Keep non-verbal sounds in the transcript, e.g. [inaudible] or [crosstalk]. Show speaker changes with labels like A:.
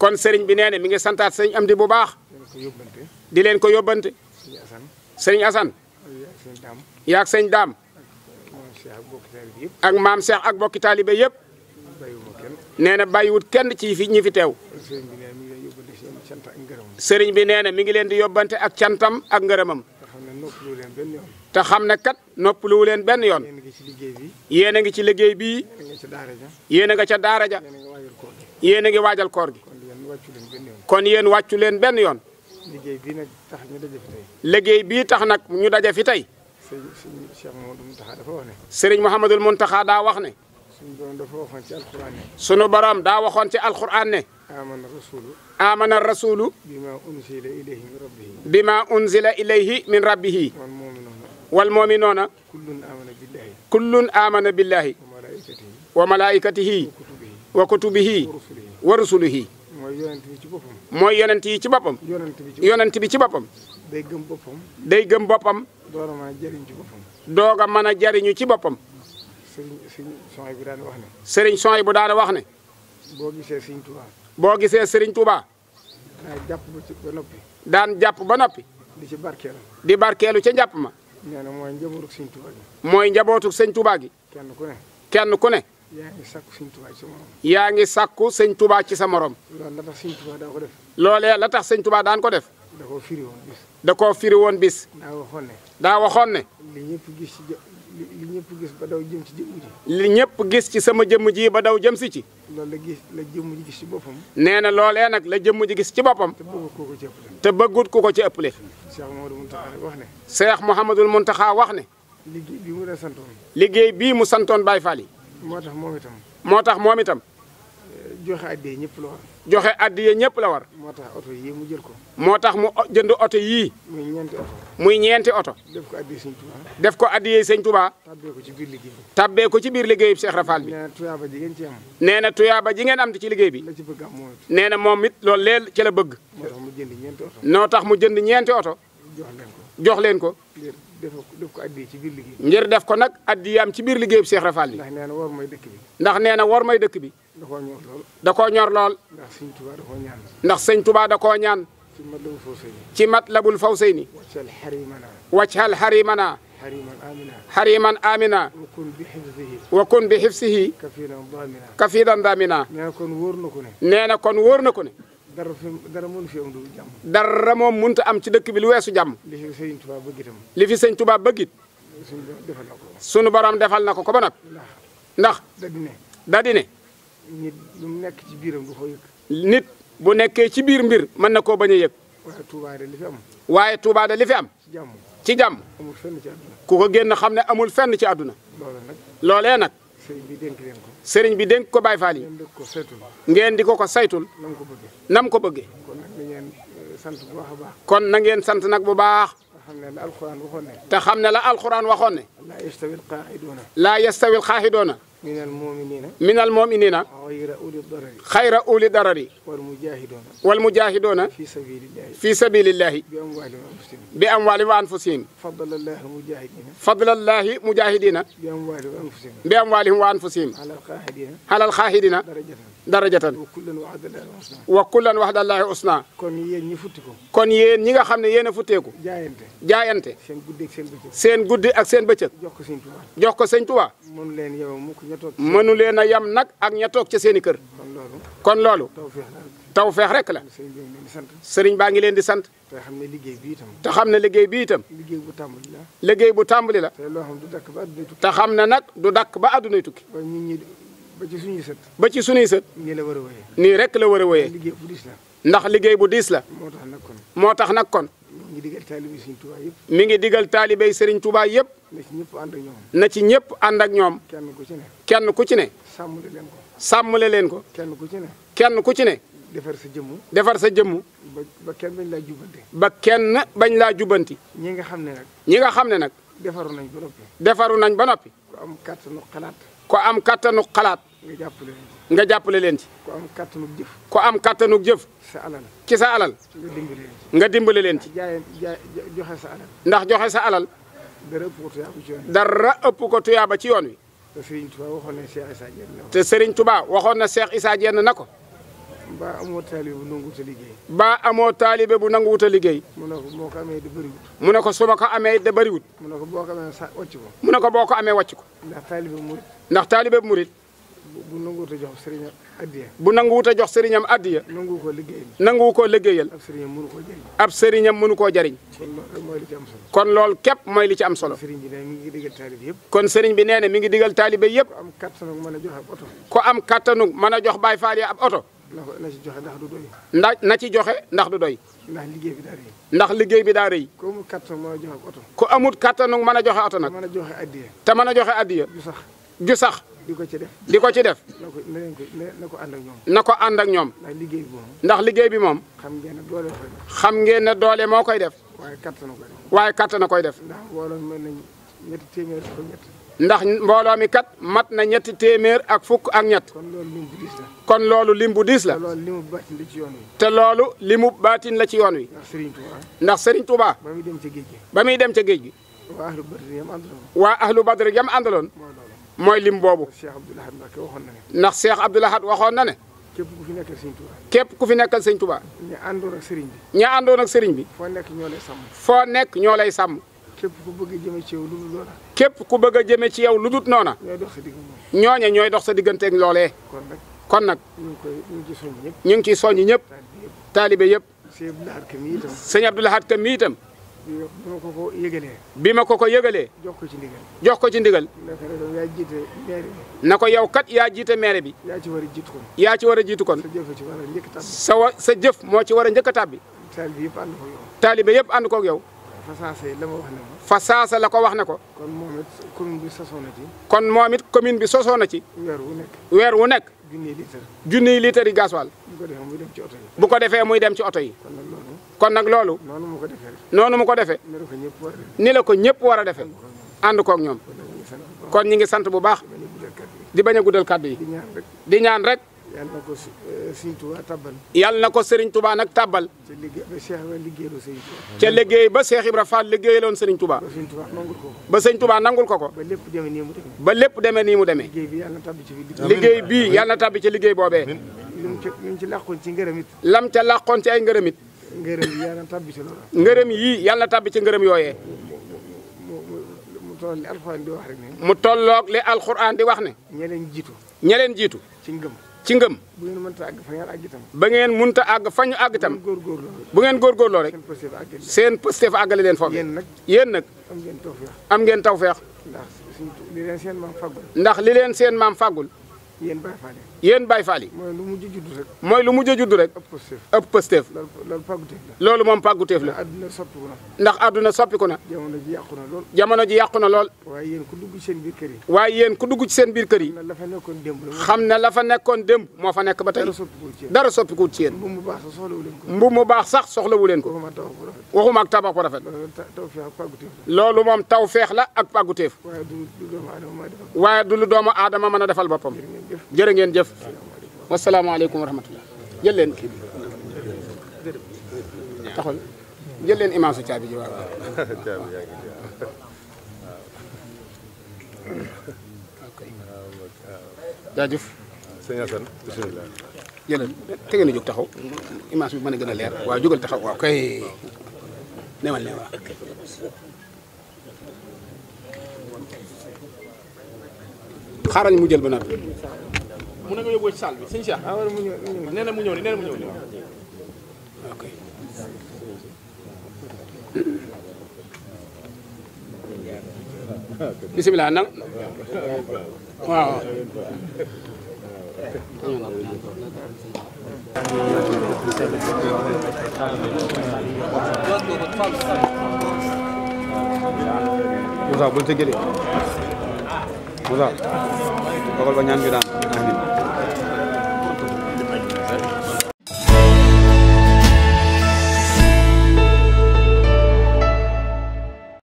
A: kon sëriñ bi nee na mi ngi santaat sëriñ Amdi bu baax. di leen ko yóbbante. sëriñ Assane. yaak sëñ Daam. ak maam seex ak bokki taalibe yëpp. nee na bàyyiwut kenn ci fi ñi fi teew. sëriñ bi nee na mi ngi leen di yobbante ak cantam ak ngërëmam. te xam ne kat noppaluwu leen benn yoon. yéen ngi ci liggéey bii. yéen a nga ca daara ja. yéen a ngi waajal koor gi. kon yéen wàccu leen benn yoon.
B: liggéey bi nag tax ñu daje fi tey.
A: liggéey bii tax ñu daje fi tey. sëriñ Cheikh Mouhamadul Mountakha dafa wax ne.
B: sëriñ daa wax ne.
A: sunu borom dafa waxoon ci alxuraan ne.
B: daa waxoon ci alxuraan
A: ne. amana rasulu. amana rasulu.
B: bima unzila ilayhi min rabbihi.
A: bima unzila ilayhi min wal muminuuna. wal amana billahi. wa malaikatihi. wa malaikatihi. wa kutubihi. wa rusulihi. mooy yonent bi ci boppam. mooy yonent yi ci boppam. yonent bi ci boppam. day gëm boppam. day gëm boppam. doog a jariñu ci boppam. doog a mën a jariñu ci boppam. sëriñ sëriñ Sonia bu daan wax ne. bu daan wax ne. boo gisee sëriñ Touba. boo gisee sëriñ Touba. daan jàpp ba noppi. daan jàpp ba noppi. di ci barkeelu. di barkeelu ca njàpp ma. nee na mooy njabootu sëriñ Touba mooy njabootu sëriñ Touba gi. kenn ku ne. kenn ku ne.
B: yaa ngi sàkku sëñ tubaa ci sa morom.
A: yaa ngi sàkku sëñ tubaa ci sa morom. loolu la tax sëñ tubaa daan ko def. loolee la tax sëñ tubaa daan ko def. da koo firi woon bis. da koo firi woon bis. waxoon ne. daa waxoon ne. li gis ci li jëm ci ji. ñëpp gis ci sama jëmm ji ba daw jëm si ci. loolu la la jëmm gis ci boppam. nee na loolee nag la jëmm ji gis ci boppam. te bëggut ku ko ci ëppale. te bëggut ku ko ci ëppale. Cheikh Mouhamadul Mountakha wax ne. Cheikh Mouhamadul Mountakha wax ne.
B: liggéey bii mu santoon.
A: liggéey bii mu santoon Baye Fall yi
B: moo tax moom itam.
A: moo tax moom itam. joxe addiya ñëpp la war. joxe addiya ñëpp la war. moo tax oto yii mu jël ko. moo tax mu jënd oto yii. muy ñeenti oto. muy ñeenti oto. def ko addiya sëñ Touba. def ko addiya sëñ Touba. tabbee ko ci biir liggéey bi. ko ci biir liggéey bi Cheikh Rafal bi. nee na ji ngeen ci am. nee na tuyaaba ji ngeen am ci liggéey bi.
B: la ci bëgg am moom
A: nee na moom it loolu léegi ci la bëgg.
B: moo tax mu jënd ñeenti oto.
A: noo tax mu jënd ñeenti oto. jox leen ko jox leen ko.
B: def ko def ko ci
A: biir def ko nag addiyaam ci biir liggéey bi Cheikh Rafal yi. ndax nee na war may dëkk bi. ndax nee na war may dëkk bi. da koo ñor lool. da koo ñor lool.
B: ndax sëñ tubaa da ko ñaan.
A: ndax sëñ Touba da koo ñaan. ci matlabul fawsayni. ci matlabul fawsayni.
B: wàccal xarimana.
A: wàccal xarimana. xariman amina. xariman amina. wa
B: kun bi xifsihi. wa kun bi xifsihi. kafidan damina.
A: kafidan damina. nee na kon wóor na ko nee na kon wóor na ko ne. dara dara mënu fi am lu jàmm. moom mënut am ci dëkk bi lu weesu jàmm.
B: li fi sëñ Touba bëgg itam.
A: li fi sëñ Touba bëgg it. suñu borom defal na ko. na ko ko ba nag. ndax dadi ne. dadi ne. nit nekk ci biiram du ko yëg. bu nekkee ci biir mbir mën na koo bañ a yëg. waaye Touba de li am. waaye Touba de li fi am. ci jàmm ci jàmm. amul ku ko génn xam ne amul fenn ci àdduna. loolee nag.
B: sëriñ bi dénk leen ko.
A: sëriñ bi dénk ko Baye Fall yi. ngeen di ko ko saytul. nam ko bëggee. kon nag na ngeen eh, sant bu baax a baax. kon na ngeen sant nag bu baax. te xam ne la alxuraan waxoon ne. te xam ne la alxuraan waxoon ne. laa yastawil xaaxidoona. minal muminina minal muminina xayra uli darari xayra uli darari
B: wal mujahidona wal mujahidona fi sabilillahi fi sabilillahi bi amwali wa anfusihim
A: bi amwali wa anfusihim
B: fadlallahi mujahidina
A: fadlallahi mujahidina bi
B: amwali wa anfusihim
A: bi amwalihim wa anfusihim alal
B: xaahidina alal xaahidina darajatan
A: darajatan wa kullan waxda allaahi usna kon yéen ñi futti ko kon yéen ñi nga xam ne yéen a futteeku jaayante jaayante seen guddi ak seen bëccëg ak seen bëccëg jox ko sëñ Tuubaa jox ko sëñ Tuubaa mënu
B: leen mukk ña toog mënu
A: leen a yem nag ak ña toog ca seeni i kër kon loolu taw feex rek la sëriñ baa ngi leen di sant
B: te xam ne liggéey bii itam
A: te xam ne liggéey bi itam liggéey bu tàmbali la liggéey bu tàmbali la te xam ne nag du dakk ba addunay tukki ba ci suñuy sët. ba ci suñuy sët. nii la war a wéyee. nii rek la war a wéyee. liggéey ndax liggéey bu diis la. moo tax na kon. moo tax nag kon. mi ngi digal taalibe Serigne Touba yëpp.
B: mi ngi digal taalibe Serigne Touba yëpp.
A: na ci ñëpp ànd ak ñoom. na ci ñëpp ànd ak ñoom. kenn ku ci ne. kenn ku ci ne. sàmmale leen ko. sàmmale leen ko. kenn ku ci ne. kenn ku ci ne.
B: defar sa jëmmu
A: defar sa jëmm.
B: ba ba kenn bañ laa jubbanti.
A: ba kenn bañ laa jubbanti.
B: ñi nga xam ne nag.
A: ñi nga xam ne nag.
B: defaru nañ ba noppi.
A: defaru nañ ba noppi. ku am kattanu xalaat. ku am kattanu xalaat.
B: nga jàppale leen
A: ci. nga jàppale leen ci. ku am kattanug jëf. ku am kattanug jëf. sa alal ci sa alal. nga dimbale leen ci. nga
B: dimbale joxe sa alal.
A: ndax joxe sa alal. dara ëpp ko tuyaaba ci yoon wi. dara ci yoon wi. te Serigne Touba waxoon na Cheikh Issa na ko. te Serigne Touba waxoon na Cheikh Issa Diène na ko. ba amoo taalibe bu nanguwut a liggéey. ba amoo taalibe bu nanguwut a liggéey. mu ne ko boo ko amee da bëriwut. mu ne ko su ma ko amee da bëriwut.
B: mu ne ko boo ko amee sa wàcc
A: ko. ko boo ko amee wàcc ko. ndax taalibe murit. murit. bu nanguwut a jox sëriñam addiya. bu nanguwut a jox sëriñam addiya.
B: nangu ko liggéeyal.
A: nangu ko liggéeyal. ab sëriñam mënu koo jariñ. ab
B: mënu koo jariñ.
A: kon loolu képp mooy li ci am solo. kon sëriñ bi nee mi ngi digal taalibe yëpp. kon sëriñ bi nee na mi ngi digal taalibe yëpp. ko am kattanu mën a jox oto. ko am kattanu mën a jox Baay Faal yi ab oto.
B: na ci joxe ndax du doy.
A: ndax na ci joxe ndax du doy. ndax liggéey bi daa rëy. ndax liggéey bi daa rëy.
B: ku amul kattan mën a joxe oto.
A: ku amul kattan mën a joxe oto nag.
B: mën a joxe addiya.
A: te mën a joxe addiya. ju sax ju sax. di ko ci def ko ci def.
B: na ko na ak ñoom.
A: na ko ànd ak ñoom. ndax liggéey bi moom. ndax liggéey bi moom.
B: xam ngeen ne doole
A: xam ngeen ne doole moo koy def.
B: waaye kattan koy def.
A: waaye kattan na koy def. ndax
B: mbooloo mi mën nañu ñetti
A: mi kat mat na ñetti téeméer ak fukk ak ñett. kon loolu lim bu diis la. kon te loolu limu baatin la ci yoon wi. te loolu limu baatin la ci yoon wi. ndax Serigne Touba. ndax Serigne ba muy dem ca géej gi. ba muy dem ca géej gi. waa ahlu badri yam àndaloon. mooy lim boobu. ndax seex Abdoul Ahad waxoon na ne. képp ku fi nekkal sëñ Touba. képp ku fi nekkal sëñ Touba.
B: ña àndoon ak sëriñ
A: bi. ña àndoon sëriñ bi. foo nekk ñoo lay sàmm. foo nekk ñoo lay sàmm. képp ku bëgg a ci yow lu dul noona. képp ku bëgg a jëmee ci yow lu dul noona. ñooy dox sa diggante ñooña ñooy dox sa diggante ak loolee. kon nag kon nag. ñu ngi koy ñu ngi ñëpp. ñu ngi ciy soññi ñëpp. taalibe yëpp. sëñ Abdoul Kam itam. bi ma ko ko yëgalee. bi ma ko ko yëgalee. jox ko ci ndigal. jox ko ci ndigal. na ko yow kat yaa jiite maire bi. yaa ci war a jiitu kon. yaa ci war a jiitu kon. sa wa sa jëf moo ci war a njëkk a tàbbi. yëpp ànd koog yow. taalibe yëpp ànd koog la ko. wax ne ko. kon moom it commune bi sosoo ci. kon moom it commune bi sosoo na ci. weer wu nekk. weer wu nekk. junniy litre. junniy litre yi gasoil. bu ko defee muy dem ci oto dem ci oto yi. kon nag loolu.
B: noonu mu ko defe
A: noonu mu ko defee. ni la ko ñëpp war a defee. ànd koog ñoom. kon ñi ngi sant bu baax. di bañ a guddal kàddu yi. di ñaan
B: rek. yal na ko Serigne eh, Touba tàbbal.
A: yal na ko Serigne Touba nag tàbbal. ca liggéey ba Cheikh Ibra liggéeyaloon Serigne Touba. ca liggéey ba Cheikh Ibra Fall liggéeyaloon Serigne Touba. ba Serigne Touba nangul ko ko. ba Serigne Touba nangul ko ko. ba lépp demee nii mu lépp demee nii mu demee. liggéey bi yal na tàbbi ci liggéey boobee. lam ca làqoon ci ngërëm it. lam ca làqoon ci ay ngërëm it. ngërëm yi yàlla tabbi ci ngërëm yii yàlla tabbi ci ngërëm yooye
B: mu toll li alxuraan di rek mu
A: tolloog li alxuraan di wax ne. ña leen jiitu. jiitu. ci ngëm. ci ngëm. bu ngeen mënta àgg fa ngeen àgg itam. ba ngeen mënta àgg fa ñu àgg itam. bu ngeen góorgóorloo rek. seen pëste fa àggale leen foofu. yéen nag yéen nag. am ngeen tawfeex. ngeen tawfeex.
B: ndax li leen seen maam fàggul.
A: ndax li seen maam fàggul. yéen yéen Baye Fall yi. mooy lu mujj a judd rek. mooy lu mujj a judd rek. ëpp pësteef ëpp pësteef. loolu pàgguteef loolu moom pàgguteef la. ndax àdduna soppiku na. ndax àdduna soppiku na. jamono ji na lool. jamono ji yàqu na lool. waaye yéen ku dugg seen biir kër yi. waaye yéen ku dugg ci seen biir kër yi. xam na la fa nekkoon démb xam na la fa nekkoon démb moo fa nekk ba tey. dara soppikuwul ci yéen dara soppikuwul ci yéen. mbuum mu baax sax soxlawu leen ko. mbuum mu baax sax soxlawu ko. waxuma ak tabax bu rafet. loolu moom taw feex la ak pàgguteef. waaye du lu doomu aadama mën a defal boppam jërë ngeen jëf wasalaamaaleykum wa rahmatullah jël kii taxul jël leen image su caabi ji waaw [laughs] jaajëf sëñ Assane bisimilah jëlal te ngeen a jóg taxaw image bi mën a gën a leer waa jógal taxaw waaw kay newal ne xaaral mu jël ba noppi
B: mun na nga yóbboo ci salle bi sëñ Cheikh. Ah, waaw mu ñëw nee na mu ñëw nii nee na mu ñëw nii ok. bisimilah nan
A: waaw. Moussa bul tëggee de Moussa dogal ba ñaan bi daan